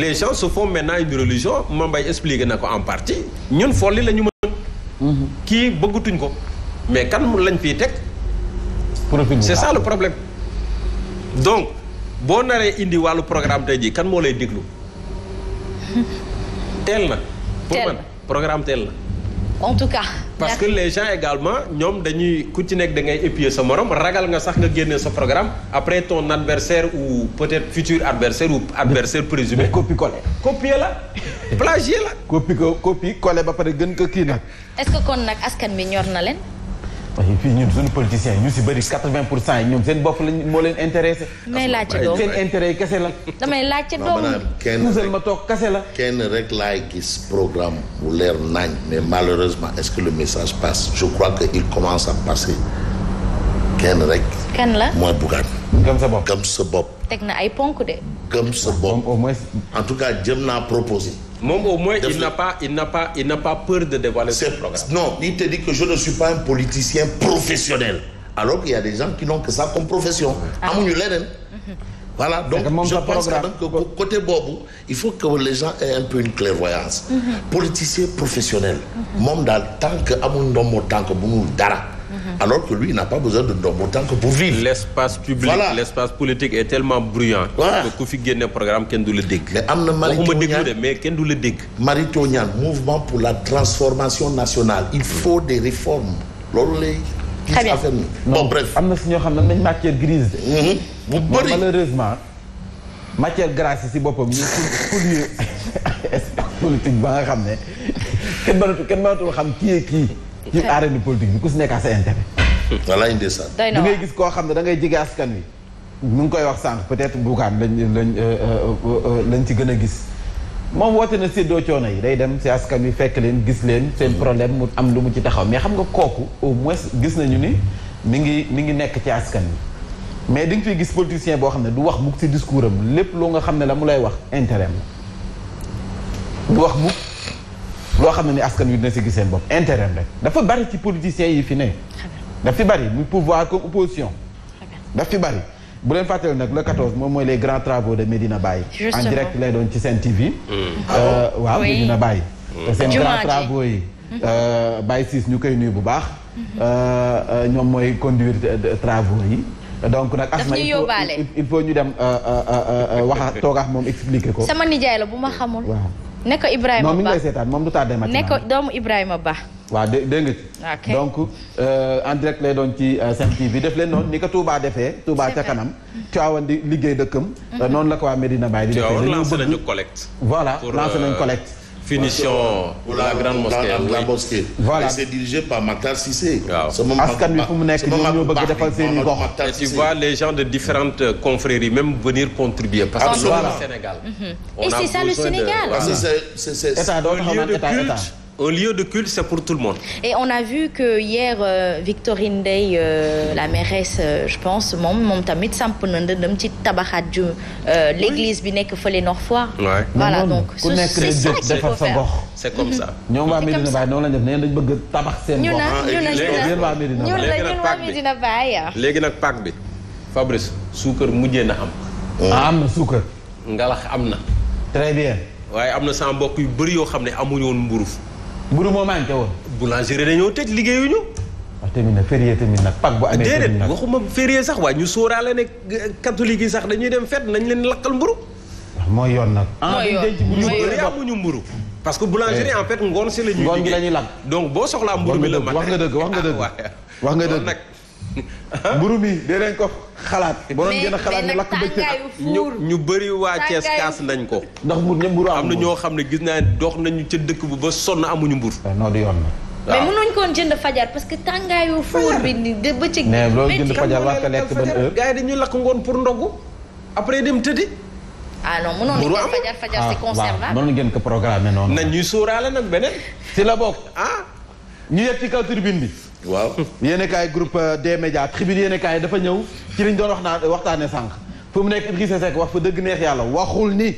les gens se font maintenant une religion Mame na ko en partie ñun folli la ñu mën kii bëggatuñ ko mais kan lañ fiy teg c'est ça le problème donc boo naree indi wàllu programme tey jii kan moo lay déglu teel na pour man programme teel na en tout cas. parce que les gens également ñoom dañuy ku ci nekk da ngay épier sa morom ragal nga sax nga génne sa programme après ton adversaire ou peut-être futur adversaire ou adversaire présumé. copie collé copier la plagier la. copie ko copie collé ba pare gën ko kii nag. est que kon nag askan bi ñor na leen. et puis ñun suñu ñu si bëri 80 pour cent yi ñoom seen bopp lañ moo leen intéressé. may laajte doom seen intérêt kese la. damay laajte doom kenn ma toog kese la. kenn rek laay gis programme bu leer nañ. mais malheureusement est-ce que le message passe je crois que il commence à passer kenn rek. kenn la mooy bugaan. gëm sa bopp sa bopp. teg na ay ponk de. gëm sa bopp au moins. en tout cas jëm naa proposé. moom au moins il n'a pas il n'a pas il n'a pas peur de dévoiler ce programme. non il te dit que je ne suis pas un politicien professionnel alors qu'il y a des gens qui n'ont que ça comme profession. Ah. amuñu leneen. voilà donc je pense que côté boobu il faut que les gens aient un peu une clairvoyance. Mhm. politicien professionnel. Mhm. moom daal tant que amul ndombo tànk bu mu dara. Mm-hmm. alors que lui n'a pas besoin de ndombo tànk pour vivre. l'espace public voilà. l'espace politique est tellement bruyant. waaw ku fi génne programme kenn du la dégg. mais am na Mary Teuw Niane mais kenn du la dégg. Mary Teuw Niane mouvement pour la transformation nationale. il faut des réformes. loolu lay. très bien bon bref. am na si ñoo xam ne nañ matière grise. bu mm-hmm. bëri malheureusement. matière grasse si boppam ñu pour ñu politique ba nga xam ne kenn mënatul kenn mënatul xam kii kii. ci arène politique bi ku si nekk à sa intérêt. Hmm. walaay ndeysaan. doy na ngay gis koo xam ne da ngay jege askan wi. nu ngi koy wax sànq peut-être bugaan lañ lañ euh, euh, euh, lañ ci gën a gis. moom woote na séddoo coono yi day dem si askan wi fekk leen gis leen seen hmm. problème mu am lu mu ci taxaw mais xam nga kooku au moins gis nañu ni mi ngi mi ngi nekk ci askan wi. mais di nga fiy gis politicien boo xam ne du wax mukk si discours am lépp loo nga xam ne la mu lay wax intérêt am loo xam ne ni askan wi dina si giseen bopp intérêt rek dafa bari ci politiciens yi fi ne daf fi bari muy pouvoir comme opposition daf fi bari bu leen fàttali nag le 14 moom mooy les grands travaux de Medina Baye en direct lay doon ci seen TV mm. euh, waaw Medina Baye mm. te seen grands travaux yi mm-hmm. euh, Baye Ciss ñu koy nuyu bu baax mm-hmm. euh, ñoom mooy conduire travaux yi donc nag asma il faut ñu dem wax a toog ak moom expliquer ko sama nijaay la bu ma xamul ne Ibrahima Ba non mi ngi lay moom du tardé matin ne ko doomu Ibrahima Ba. waaw dé dégg nga ci. donc euh, en direct lay doon ci euh, Sen TV def leen noonu ni ko tuubaa defee. Touba ca kanam. Tivaouane di liggéey dëkkam. Euh, mhm. noonu la ko waa Medina Baye di defee. dañoo bëgg voilà lancé nañu collecte. finition la grande mosquée la mosquée voilà c'est dirigé par Makhtar Cissé askan wi fu mu nekk ñoom ñoo de différentes confréries même venir contribuer parce que Sénégal mm-hmm. on a besoin de état Un lieu de culte, c'est pour tout le monde. Et on a vu que hier, euh, Victorine Day, euh, la mairesse, euh, je pense, moom moom tamit samp na ndëndam ci tabaxaat ju l'église bi nekk fële Nord Foire. voilà donc ku nekk defar sa gox. c'est comme mhm. ça. ñoom waa Medina Baye noonu la ñu def nee dañu bëgg tabax seen gox. ñu Medina Baye. léegi nag paak bi Fabrice suukar mujjee na am. Ah, am na suukar. ngalax am na. très bien. waaye am na sama mbokk yu bëri yoo xam ne amuñu woon mburuf. mburu moo manqué woon. boulangerie dañoo tëj liggéeyuñu. wax ah, tamit nag férié tamit nag Pâques bu amee. déedéet waxuma férié sax waaye ñu sóoraale ne catholique yi sax dañuy dem fet nañ leen lakkal mburu. Ah, mooy yoon nag. Ah, mooy yoon mooy yoon amuñu mburu parce que boulangerie en fait ngoon si la ñuy donc boo soxlaa mburu bi la wax nga dëgg wax nga dëgg wax nga dëgg. Ah? mburu mi dinañ ko xalaat. boo gën a xalaat ñu lakk bëccëg ñu ñu bëri waa Thiès kaas nañ ko. ndax mburu ñëpp mburu am na ñoo xam ne gis naa dox nañu ca dëkk bi ba sonn amuñu mbur. Eh, non du yoon na. mais mënuñ koon jënd que tàngaayu fuur bi ni de bëccëg. mais loolu jënd fajar wax ka lekk ban heure. gars yi dañuy lakk ngoon pour ndogu après dem tëddi. ah non mënoon ngeen fajar fajar c'est ah, conservable. mënoon ngeen ko programme noonu. nañ ñuy sóoraale nag beneen. ci la bokk ah ñu yegg ci kaw tribune bi waaw yéen kaay groupe euh, de médias tribune yéen kaay dafa ñëw ci liñ doon wax naa waxtaane sànq fu mu nekk Idrissa Seck wax fa dëgg neex yàlla waxul ni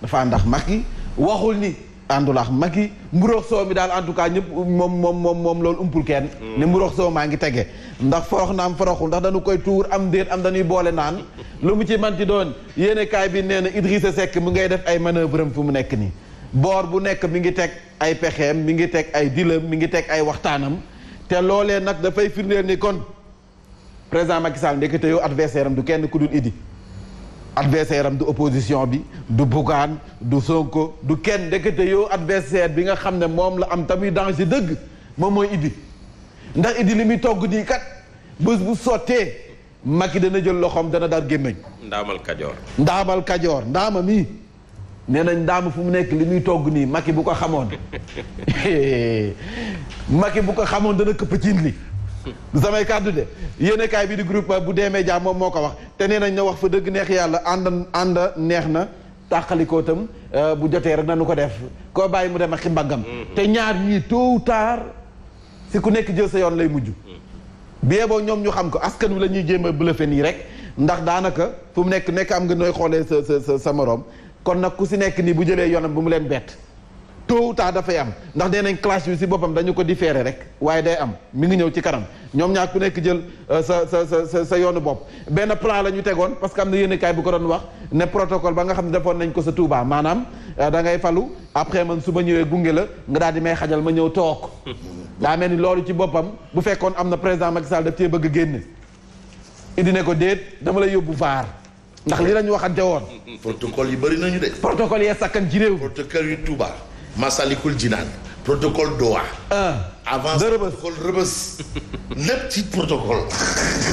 dafa ndax ak Macky waxul ni àndul ak Macky mburox soo mi daal en tout cas ñëpp moom moom moom moom loolu umpul kenn mm. ni mburox soo maa ngi tege ndax forox naam foroxul ndax dañu koy tuur am déet am dañuy boole naan lu mu ci manti doon yéen kaay bi nee na Idrissa Seck mu ngay def ay manœuvre am fu mu nekk nii boor bu nekk mi ngi teg ay pexeem mi ngi teg ay dilam mi ngi teg ay waxtaanam te loolee nag dafay firndeel ni kon présent Macky Sall ndekete yow adversaire am du kenn ku dul Idi adversaire am du opposition bi du Bougane du Sonko du kenn ndekete yow adversaire bi nga xam ne moom la am tamuy danger dëgg moom mooy Idi ndax Idi li muy togg di kat bés bu sottee mag Macky dana jël loxoom dana dar gémmiñ ndaamal Kajoor ndaamal Kajoor ndaama mii nee nañ ndaama fu mu nekk li muy togg nii Macky bu ko xamoon Macky bu ko xamoon dana këpp cin li du samay kàddu de yéenekaay bi di groupe bu dee média moom moo ko wax te nee nañ ne wax fa dëgg neex yàlla ànd ànd neex na tàqalikoo tam euh, bu jotee rek nanu ko def koo bàyyi mu dem ak mbaggam mm-hmm. te ñaar ñii tôt ou tard ku nekk jël sa yoon lay mujj mm-hmm. bien boo ñoom ñu xam ko askan wi la ñuy jéem a bluffé nii rek ndax daanaka fu mu nekk nekk am nga nooy xoolee sa sa sa sa kon nag ku si nekk nii bu jëlee yoonam bu mu leen bett tôt ou tard dafay am ndax dee nañ clash bi si boppam dañu ko différer rek waaye day am mi ngi ñëw ci kanam ñoom ñaar ku nekk jël euh, sa sa sa sa yoonu bopp. benn plan la ñu tegoon parce que am na yéen kaay bu ko doon wax ne protocole ba nga xam ne defoon nañ ko sa Touba maanaam euh, dangay falu après man su ma ñëwee gunge la nga daal di may xajal ma ñëw toog. daa mel ni loolu ci boppam bu fekkoon am na président Macky Sall daf bëgg génn indi ne ko déet dama lay yóbbu vaar. ndax li lañu waxante woon. protocole yi bëri nañu de. protocole yee sàkkan ji réew. protocole yu Touba. Masalikul Jinaan. protocole Doha. ah avant protocole Rebeuss lépp ci protocole.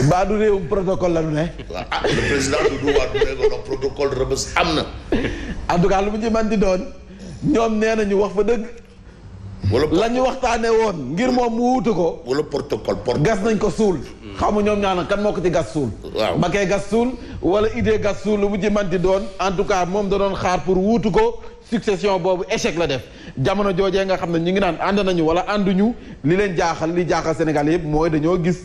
mbaa du réewum protocole la nu ne. ah le président Doudou Wade du ne ko protocole Rebeuss am na. en tout cas lu mu ci man doon ñoom nee nañu wax fa dëgg. wala la ñu waxtaanee woon ngir moom mu wuutu ko. wala protocole protocole gas nañ ko suul. xaw ma ñoom ñaana kan moo ko ci gas suul. waaw Mbacké gas suul wala idée gas suul lu mu ci manti doon en tout cas moom da doon xaar pour wuutu ko succession boobu échec la def. jamono joojee nga xam ne ñu ngi naan ànd nañu wala ànduñu li leen jaaxal li jaaxal Sénégal yëpp mooy dañoo gis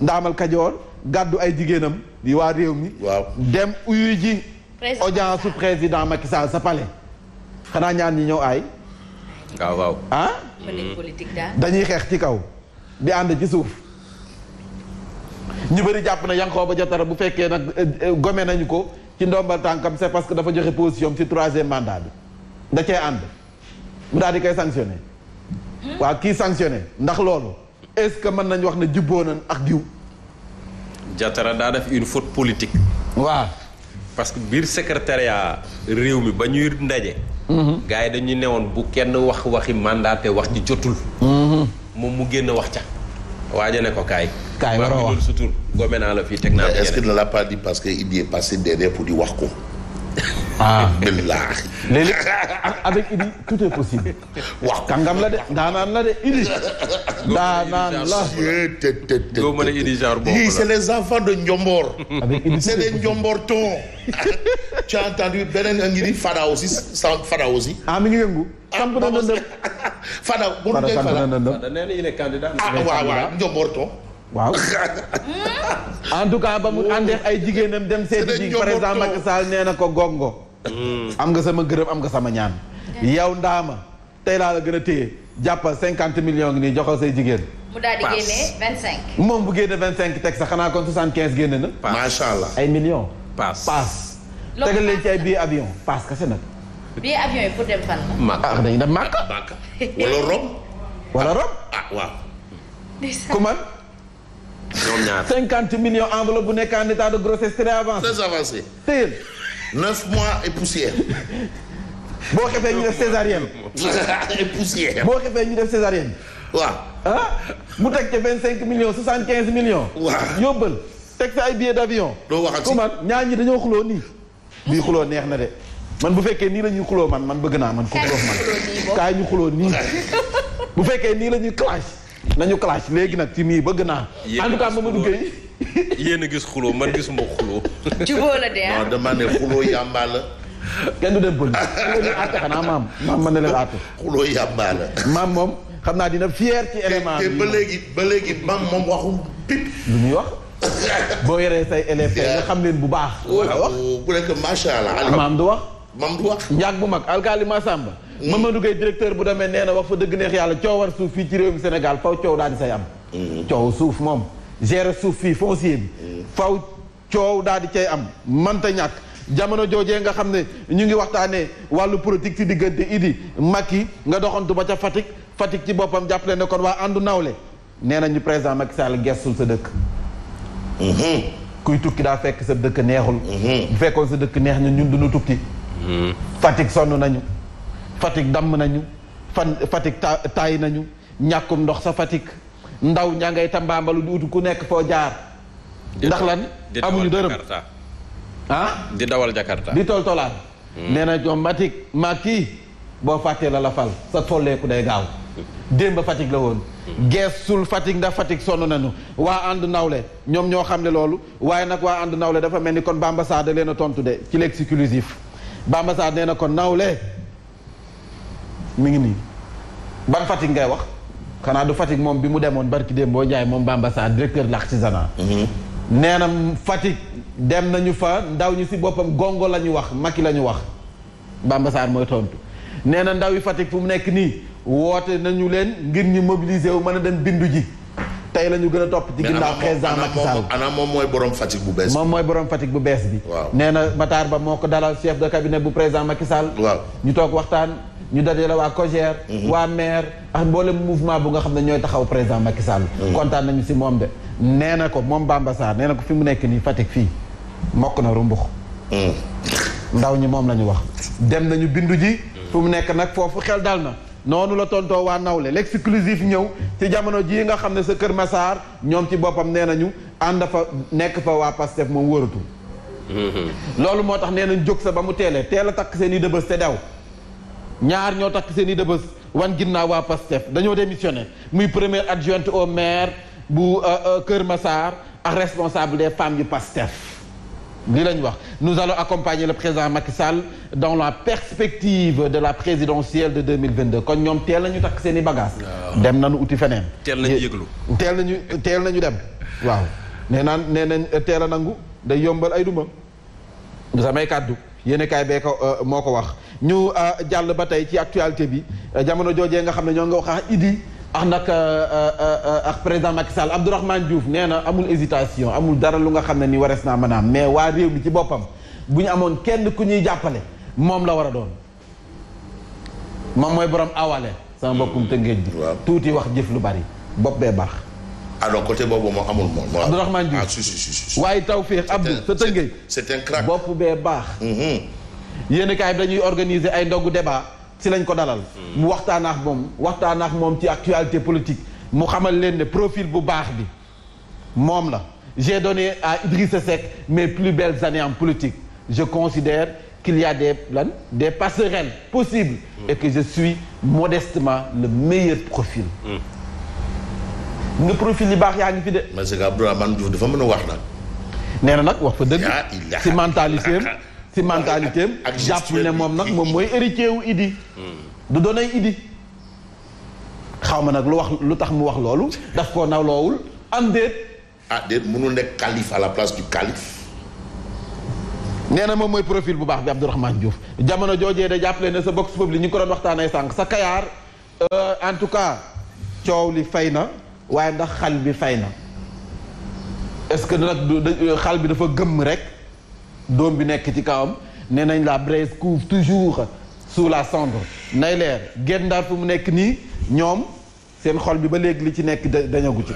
ndaamal Kajoor gàddu ay jigéenam di waa réew mi. waaw dem uyu ji. audience su président Macky Sall sa palais xanaa ñaan ñi ñëw aay. waaw waaw ah. politique dañuy xeex ci kaw di ànd ci suuf ñu bëri jàpp na Yankhoba Diattara bu fekkee nag eh, eh, gome nañu ko ci ndombal tànkam c'est parce que dafa joxe position ci troisième mandat bi da cee ànd mu daal di koy sanctionné hmm? waaw kii sanctionné ndax loolu est-ce que mën nañu wax ne jubboo na ak diw. Diattara daa def une faute politique. waa parce que biir secrétariat réew mi ba ñuy ndaje. gars yi dañuy woon bu kenn wax waxi mandat te wax ji jotul. Mhm. moom mu génn wax ca. waa ne ko kaay. kaay waroo wax sutur gome naa la fii teg naa. est-ce que ne parce que il est passé derrière pour di wax ko. ah billaahi. léegi avec Idi tout est possible. waaw de daanaan la de Idi. daanaan la. a Idi lii c'est les enfants de Ndiombor. avec Idi c'est des Ndiombortons. tu as entendu beneen a ngi di Fada aussi sànq ah mi ngi yëngu. samp na ndëndëm Fada bu dul Fada samp na ndëndëm. nee na il est candidat. ah waaw waaw Ndiomborton. waaw en ba mu àndeex ay jigéenam dem seeti ji par exemple Macky Sall nee na ko gongo am nga sama gërëm am nga sama ñaan yow ndaama tey laa la gën a téye jàppal cinquante millions ngi nii joxal say jigéen mu daal di génne vingt cinq moom bu génne vingt cinq teg sax xanaa kon soixante quinze génne na macha allah ay millions paas paas tegal leen ci ay billet avion paas kese nag billet ah, wala Rome wala Rome ah, ku man ñoom enveloppe bu nekk en état de grossesse très avancé très neuf mois et poussière. boo xefee ñu def césarienne. boo xefee ñu def césarienne. waaw. ah mu teg ca vingt cinq millions soixante quinze millions. waaw yóbbal teg sa ay billets d'avion. doo wax ak si man ñaar ñi dañoo xuloo nii. bii xuloo neex na de. man bu fekkee nii la ñuy xuloo man man bëgg naa man ku xuloo man. kaay ñu xuloo nii bu fekkee nii la ñuy clash. nañu clash léegi nag ci mii bëgg naa. en tout cas Mamadou Gueye. yéen a gis xuloo man gisuma xuloo. jubóo la de ah. non dama ne xuloo yàmbaa la. kenn du dem pël xuloo ñu xanaa maam man na leen àtte. xuloo yàmbaa maam moom xam naa dina fier ci élément bi ba léegi ba léegi maam moom waxul pip. lu muy wax. boo yoree say élèves tey nga xam leen bu baax. wax macha allah. maam du wax. njaag bu mag alkaali Massamba. Mamadou Gueye directeur bu demee nee wax fa dëgg neex yàlla coowar suuf fii ci réewum Sénégal faw coow daal di say am mm-hmm. coow suuf moom gérer suuf fii foncier bi mm-hmm. faw coow daal di cay am mënta ñàkk jamono joojee nga xam ne ñu ngi waxtaanee wàllu politique ci diggante Idi Macky nga doxantu ba ca Fatick Fatick ci boppam jàppale ne kon waa àndu nawle neena ñu président Macky saal gestul sa dëkk mm-hmm. kuy tukki daa fekk sa dëkk neexul bu fekkoon sa dëkk neex ñu ñun duñu tukki Fatick sonn nañu Fatick damm nañu fan Fatick ta taay nañu ñàkkum ndox sa Fatick ndaw ñaa ngay tambaambalu di utu ku nekk foo jaar. ndax lan amuñu dërëm ah di dawal Jakarta di tol tolaan hmm. nee na ñoom Matik maa kii boo fàttee la la fal sa tolleeku day gaaw démb Fatick la woon hmm. geesul Fatick ndax Fatick sonn nañu waa ànd nawle ñoom ñoo xam ne loolu waaye nag waa ànd nawle dafa mel ni kon Bamba Sarr leen a tontu de ci l'exclusif Bamba Sarr nee na nawle mi ngi nii ban Fatick ngay wax xanaa du Fatick moom bi mu demoon barki démb boo Ndiaye moom Bamba Sarr directeur de l'artisanat mhm. nee na Fatick dem nañu fa ndaw ñu si boppam gongo la ñu wax Macky la ñu wax Bamba mooy tontu nee na ndaw yi Fatick fu mu nekk nii woote nañu leen ngir ñu mobiliser wu mën a dem bindu ji tey la ñu gën a topp ci ginnaaw président Macky Sall ana moom mooy borom Fatick bu bees moom mooy borom Fatick bees bi waaw nee na Ba moo ko dalal chef de cabinet bu président Macky Sall waaw ñu toog waxtaan ñu dajale waa COGER mhm. waa maire ak mboolem mouvement bu nga xam ne ñooy taxaw président Macky Sall mhm. kontaan nañu si moom de nee na ko moom Bamba Sarr nee na ko fi mu nekk nii Fatick fii mokk na rumbux mhm. ndaw ñi moom la ñu wax dem nañu bindu ji fu mu nekk nag foofu xel dal na noonu la tontoo waa nawle l'exclusif ñëw ci jamono jii nga xam ne sa Kër Massar ñoom ci boppam nee nañu ànd fa nekk fa waa Pastef moom wëratu mm-hmm. loolu moo tax nee nañ jóg sa ba mu teelee teel a takk seen i dëbës te daw ñaar ñoo takk seen i dëbës wan ginnaaw waa Pastef dañoo démissionné muy premier adjoint au maire bu euh, euh, Kër masaar ak responsable des femmes yu Pastef li lañ wax nous allons accompagner le président Macky Sall dans la perspective de la présidentielle de 2022 kon ñoom teel nañu takk seen i bagages dem nañu uti feneen teel nañu yëglu teel nañu teel nañu dem waaw nee naan nee nañ teel a nangu day yombal ay duma du samay kàddu yéen kaay bee euh, moo ko wax ñu euh, jàll ba tey ci actualité bi euh, jamono joojee nga xam ne ñoo nga wax Idi ak ah, nag euh, euh, euh, ak président Macky Sall Abdourahmane Diouf nee na amul hésitation amul dara lu nga xam ne ni warees naa mën mais waa réew mi ci boppam bu ñu amoon kenn ku ñuy jàppale moom la war a doon moom mooy borom awale sama mbokkum tëngéej bi tuuti wax jëf lu bari bopp bee baax alors ah, côté boobu moom amul moom Abdourahmane Diouf ah waaye Tawféex Abdou sa tëngéej c'est un crack bopp bee baax mm-hmm. yéen bi dañuy organiser ay ndogu débat si lañ ko dalal. mu waxtaan ak moom ci actualité politique mu xamal leen ne profil bu baax bi moom la. j'ai donné à Idrissa sec mes plus belles années en politique je considère qu'il y a des lan des passerelles et que je suis modestement le meilleur profil. nga profil yi baax yaa ngi fi de. parce que Abdourahmane Diouf dafa wax nag. nee na nag wax fa dëgg. ci mentalité si mentalité ak jàpp ne moom nag moom mooy héritier wu Idi. Hmm. du doonay Idi. xaw ma nag lu wax lu tax mu wax loolu daf koo nawloowul am déet. ah déet mënul nekk calife à la place du calife. nee na moom mooy profil bu baax bi Abdourahmane Diouf jamono joojee da jàppale ne sa box pub li ñu ngi ko doon waxtaanee sànk sa kayaar. Euh, en tout cas coow li fay na waaye ndax xal bi fay na est-ce que nag xal bi dafa gëmm rek. doom bi nekk ci kawam nee nañ la braise couvre toujours sous la cendre nay leer Guet Ndar fu mu nekk nii ñoom seen xol bi ba léegi li ci nekk dañagu ci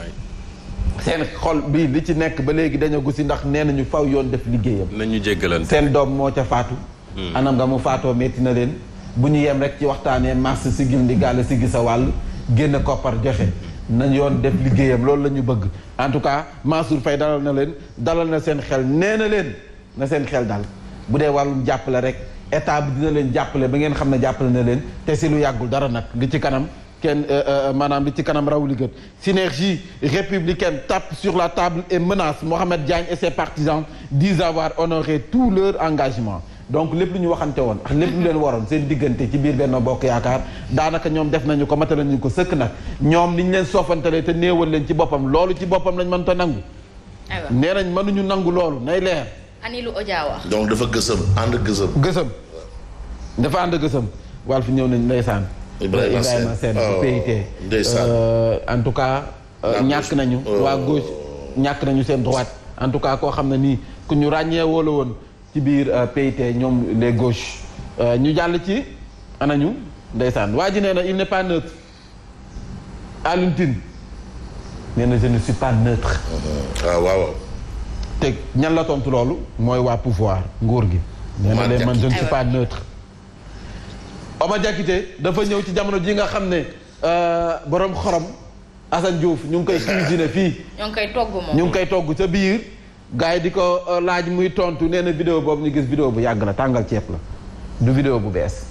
seen xol bi li ci nekk ba léegi dañagu si ndax nee nañu faw yoon def liggéeyam nañu jéggalante seen doom moo ca faatu hmm. anam nga mu faatoo metti na leen bu ñu yem rek ci waxtaanee mars si gil ndi gàll si gis a wàll génn koppar joxe nañ yoon def liggéeyam loolu la ñu bëgg en tout cas Mansour Faye dalal na leen dalal na seen xel nee na leen na seen xel daal bu dee warul jàppale rek état bi dina leen jàppale ba ngeen xam ne jàppale na leen te si lu yàggul dara nag li ci kanam kenn euh, euh, maanaam li ci kanam raw li gën synergie républicaine tap sur la table et menace Mohamed Diagne et ses partisans disent avoir honoré tout leur engagement donc lépp lu ñu waxante woon ax lépp lu leen waroon seen diggante ci biir benn bokk yaakaar daanaka ñoom def nañu ko matal nañu ko sëkk nag ñoom niñ leen soofantalee te néewal leen ci boppam loolu ci boppam lañ mënta nangu nee nañ mënuñu nangu loolu nay leer Anilou Odia wax. donc dafa gësëm ànd gësëm. gësëm dafa ànd gësëm. Walf ñëw nañ ndeysaan. Ibrahima Sène oh, euh, en tout cas. Euh, ñàkk nañu. Oh. waa gauche ñàkk nañu seen droite. en tout cas koo xam ne nii ku ñu ràññee woo la woon ci biir euh, PIT ñoom les gauches ñu jàll ci anañu ndeysaan waa ji nee na il n'est pas ne suis pas neutre. ah waaw. te ñan la tontu loolu mooy waa pouvoir nguur gi. nee na man je ne suis pas neutre. Oma Diakité dafa ñëw ci jamono ji nga xam ne euh, borom xorom Assane Diouf ñu ngi koy cuisiner fii. ñu ngi koy togg moom ñu ngi koy togg ca biir. gars yi di ko euh, laaj muy tontu nee na vidéo boobu ñu gis vidéo bu yàgg la tàngal ceeb la du vidéo bu bees.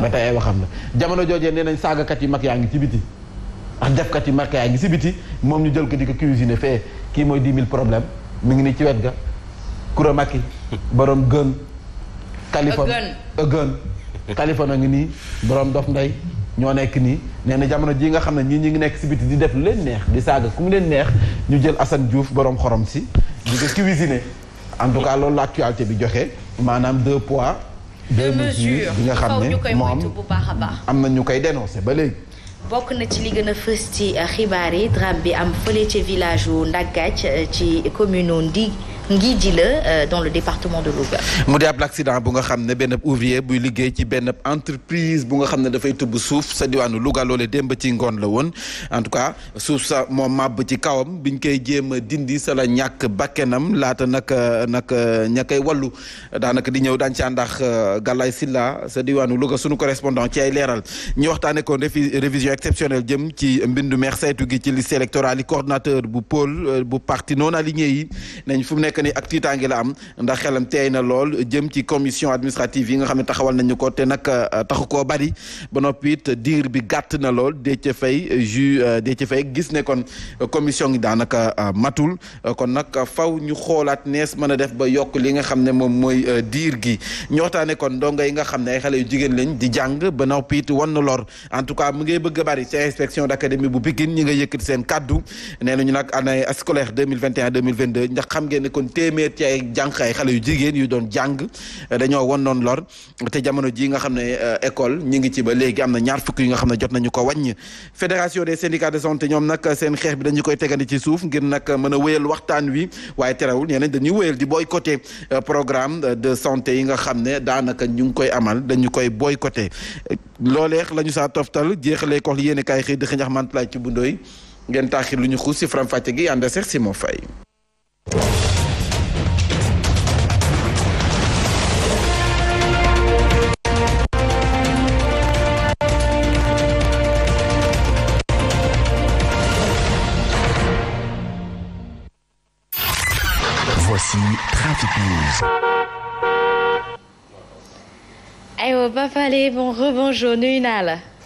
ba tey ay waxam la jamono joojee nee nañ saagakat yu mag yaa ngi ci biti. ak defkat yu mag yaa ngi si biti moom ñu jël ko di ko cuisiner fee kii mooy 10 000 mi ngi nii ci wet ga kure Kouramaki borom gën Kaliphone ëgën Kaliphone a ngi nii borom dof ndey ñoo nekk nii nee na jamono jii nga xam ne ñii ñi ngi nekk si biti di def lu leen neex di saaga ku mu leen neex ñu jël Assane Diouf boroom xorom si di ko cuisiner en tout cas loolu la actualité bi joxe maanaam deux pois deux mesures bi nga xam ne moom am na ñu koy dénoncé ba léegi bokk na ci li gën a fës ci euh, xibaar yi drame bi am fële ci village wu Ndagaj euh, ci commune Ndig Ngidi la euh, dans le département de Louga. mu di ab accident bu nga xam ne benn ouvrier buy liggéey ci benn entreprise bu nga xam ne dafay tub suuf sa diwaanu Louga loole démb ci ngoon la woon en tout cas suuf sa moo màbb ci kawam biñ koy jéem a dindi sa la ñàkk bakkenam laata nag euh, nag euh, ña koy wallu daanaka di ñëw daañu ci àndax Galaye Silla sa diwaanu Louga sunu correspondant ci ay leeral ñu waxtaanee ko révision exceptionnelle jëm ci mbindu meex saytu gi ci liste électorale yi coordonnateur bu pôle parti non aligné ni ak tiitaangi la am ndax xelam teey na lool jëm ci commission administrative yi nga xam ne taxawal nañu ko te nag euh, taxu koo bari ba noppi diir bi gàtt na lool Déthié Faye euh, ju euh, Déthié Faye gis ne kon commission gi daanaka matul kon nag faw ñu xoolaat nees mën a def ba yokk li nga xam ne moom mooy diir gi ñu waxtaane kon ndongo yi nga xam ne xale yu jigéen lañ di jàng ba noppi it wan na lor en mu ngay bëgg bari ci inspection d'académie bu Pikine ñi nga yëkkati téeméer ci ay jànq ay xale yu jigéen yu doon jàng dañoo wan noon lor te jamono ji nga xam ne école ñu ngi ci ba léegi am na ñaar fukk yi nga xam ne jot nañu ko wàññ fédération des syndicats de santé ñoom nag seen xeex bi dañu koy tegandi ci suuf ngir nag mën a wéyal waxtaan wi waaye terewul ñeneen dañuy wéyal di coté programme de santé yi nga xam ne daanaka ñu ngi koy amal dañu koy boycotter loolee la ñu saa toftal jeexalee ko yéen i kaay xëy dëkk ñax mantulaay ci bundooy ngeen taaxir lu ñu xuus si faram fàcce gi ànd seex si moo fay Mystic News. aywa Ba Fallé bon rebonjour nuyu naa la.